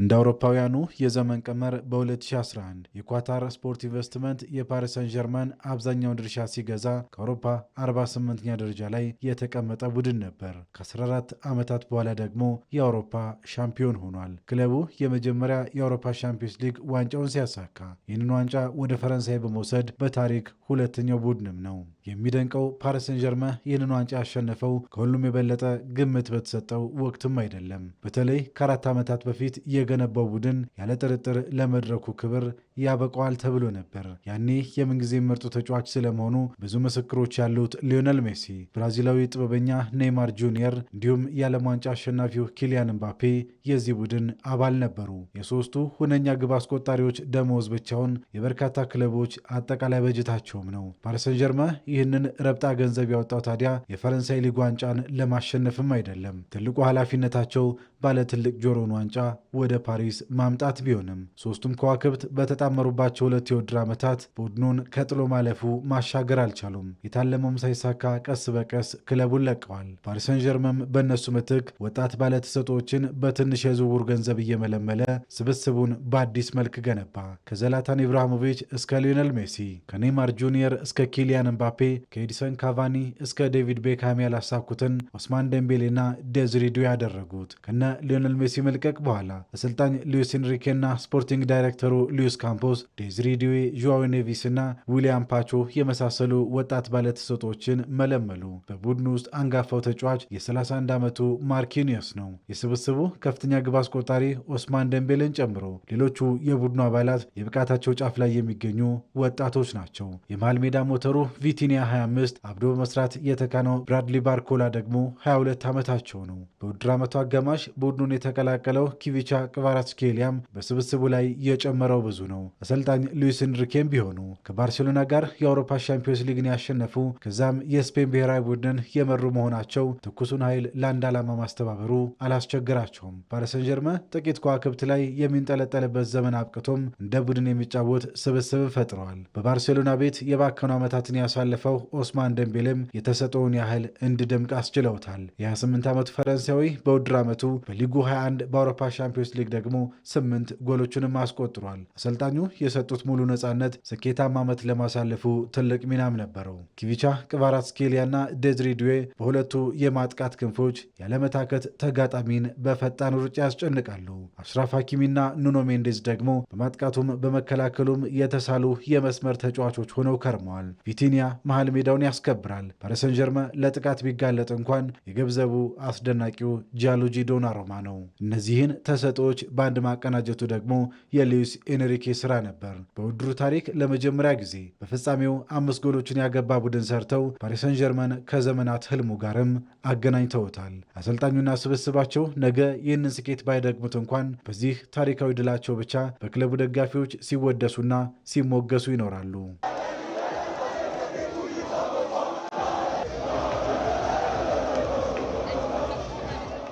እንደ አውሮፓውያኑ የዘመን ቀመር በ2011 የኳታር ስፖርት ኢንቨስትመንት የፓሪሰን ጀርማን ጀርመን አብዛኛውን ድርሻ ሲገዛ ከአውሮፓ 48ኛ ደረጃ ላይ የተቀመጠ ቡድን ነበር። ከ14 ዓመታት በኋላ ደግሞ የአውሮፓ ሻምፒዮን ሆኗል። ክለቡ የመጀመሪያ የአውሮፓ ሻምፒዮንስ ሊግ ዋንጫውን ሲያሳካ ይህንን ዋንጫ ወደ ፈረንሳይ በመውሰድ በታሪክ ሁለተኛው ቡድንም ነው። የሚደንቀው ፓሪሰን ጀርመን ይህንን ዋንጫ ያሸነፈው ከሁሉም የበለጠ ግምት በተሰጠው ወቅትም አይደለም። በተለይ ከአራት ዓመታት በፊት የ የገነባው ቡድን ያለ ጥርጥር ለመድረኩ ክብር ያበቀዋል ተብሎ ነበር። ያኔ የምንጊዜ ምርጡ ተጫዋች ስለመሆኑ ብዙ ምስክሮች ያሉት ሊዮነል ሜሲ፣ ብራዚላዊ ጥበበኛ ኔይማር ጁኒየር እንዲሁም የዓለም ዋንጫ አሸናፊው ኪሊያን ምባፔ የዚህ ቡድን አባል ነበሩ። የሶስቱ ሁነኛ ግብ አስቆጣሪዎች ደመወዝ ብቻውን የበርካታ ክለቦች አጠቃላይ በጀታቸውም ነው። ፓሪስ ጀርማ ይህንን ረብጣ ገንዘብ ያወጣው ታዲያ የፈረንሳይ ሊግ ዋንጫን ለማሸነፍም አይደለም። ትልቁ ኃላፊነታቸው ባለ ትልቅ ጆሮን ዋንጫ ወደ ፓሪስ ማምጣት ቢሆንም ሶስቱም ከዋክብት በተጣ በተጣመሩባቸው ሁለት የውድድር ዓመታት ቡድኑን ከጥሎ ማለፉ ማሻገር አልቻሉም። የታለመውም ሳይሳካ ቀስ በቀስ ክለቡን ለቀዋል። ፓሪሰን ጀርመም በእነሱ ምትክ ወጣት ባለተሰጦችን በትንሽ የዝውውር ገንዘብ እየመለመለ ስብስቡን በአዲስ መልክ ገነባ። ከዘላታን ኢብራሃሞቪች እስከ ሊዮነል ሜሲ፣ ከኔይማር ጁኒየር እስከ ኪሊያን ኤምባፔ፣ ከኤዲሰን ካቫኒ እስከ ዴቪድ ቤካም ያላሳኩትን ኦስማን ደምቤሌና ደዝሪዱ ያደረጉት ከነ ሊዮነል ሜሲ መልቀቅ በኋላ አሰልጣኝ ሉዊስ ኢንሪኬና ስፖርቲንግ ዳይሬክተሩ ሉዊስ ካ ካምፖስ፣ ዴዝሪ ዲዌ፣ ዥዋዊ ኔቪስ እና ዊሊያም ፓቾ የመሳሰሉ ወጣት ባለተሰጦችን መለመሉ። በቡድኑ ውስጥ አንጋፋው ተጫዋች የ31 ዓመቱ ማርኪኒዮስ ነው። የስብስቡ ከፍተኛ ግብ አስቆጣሪ ኦስማን ደንቤሌን ጨምሮ ሌሎቹ የቡድኑ አባላት የብቃታቸው ጫፍ ላይ የሚገኙ ወጣቶች ናቸው። የመሃል ሜዳ ሞተሩ ቪቲኒያ 25 አብዶ በመስራት የተካነው ብራድሊ ባርኮላ ደግሞ 22 ዓመታቸው ነው። በውድድር ዓመቱ አጋማሽ ቡድኑን የተቀላቀለው ኪቪቻ ቅቫራትስኬሊያም በስብስቡ ላይ የጨመረው ብዙ ነው። ነው። አሰልጣኝ ሉዊስ እንሪኬም ቢሆኑ ከባርሴሎና ጋር የአውሮፓ ሻምፒዮንስ ሊግን ያሸነፉ ከዛም የስፔን ብሔራዊ ቡድንን የመሩ መሆናቸው ትኩሱን ኃይል ለአንድ ዓላማ ማስተባበሩ አላስቸግራቸውም። ፓሪሰን ጀርመ ጥቂት ከዋክብት ላይ የሚንጠለጠልበት ዘመን አብቅቶም እንደ ቡድን የሚጫወት ስብስብን ፈጥረዋል። በባርሴሎና ቤት የባከኑ ዓመታትን ያሳለፈው ኦስማን ደንቤሌም የተሰጠውን ያህል እንዲደምቅ አስችለውታል። የ28 ዓመቱ ፈረንሳዊ በውድድር ዓመቱ በሊጉ 21 በአውሮፓ ሻምፒዮንስ ሊግ ደግሞ ስምንት ጎሎቹንም አስቆጥሯል። አሰልጣኝ አሰልጣኙ የሰጡት ሙሉ ነፃነት ስኬታማ ዓመት ለማሳለፉ ትልቅ ሚናም ነበረው። ኪቪቻ፣ ክቫራትስኬሊያና ደዝሪድዌ በሁለቱ የማጥቃት ክንፎች ያለመታከት ተጋጣሚን በፈጣን ሩጫ ያስጨንቃሉ። አሽራፍ ሐኪሚና ኑኖ ሜንዴዝ ደግሞ በማጥቃቱም በመከላከሉም የተሳሉ የመስመር ተጫዋቾች ሆነው ከርመዋል። ቪቲኒያ መሃል ሜዳውን ያስከብራል። ፓሪሰን ጀርመ ለጥቃት ቢጋለጥ እንኳን የገንዘቡ አስደናቂው ጂያንሉጂ ዶናሩማ ነው። እነዚህን ተሰጦዎች በአንድ ማቀናጀቱ ደግሞ የሉዊስ ኤንሪኬ ስራ ነበር። በውድድሩ ታሪክ ለመጀመሪያ ጊዜ በፍጻሜው አምስት ጎሎችን ያገባ ቡድን ሰርተው ፓሪሰን ጀርመን ከዘመናት ህልሙ ጋርም አገናኝተውታል። አሰልጣኙና ስብስባቸው ነገ ይህንን ስኬት ባይደግሙት እንኳን በዚህ ታሪካዊ ድላቸው ብቻ በክለቡ ደጋፊዎች ሲወደሱና ሲሞገሱ ይኖራሉ።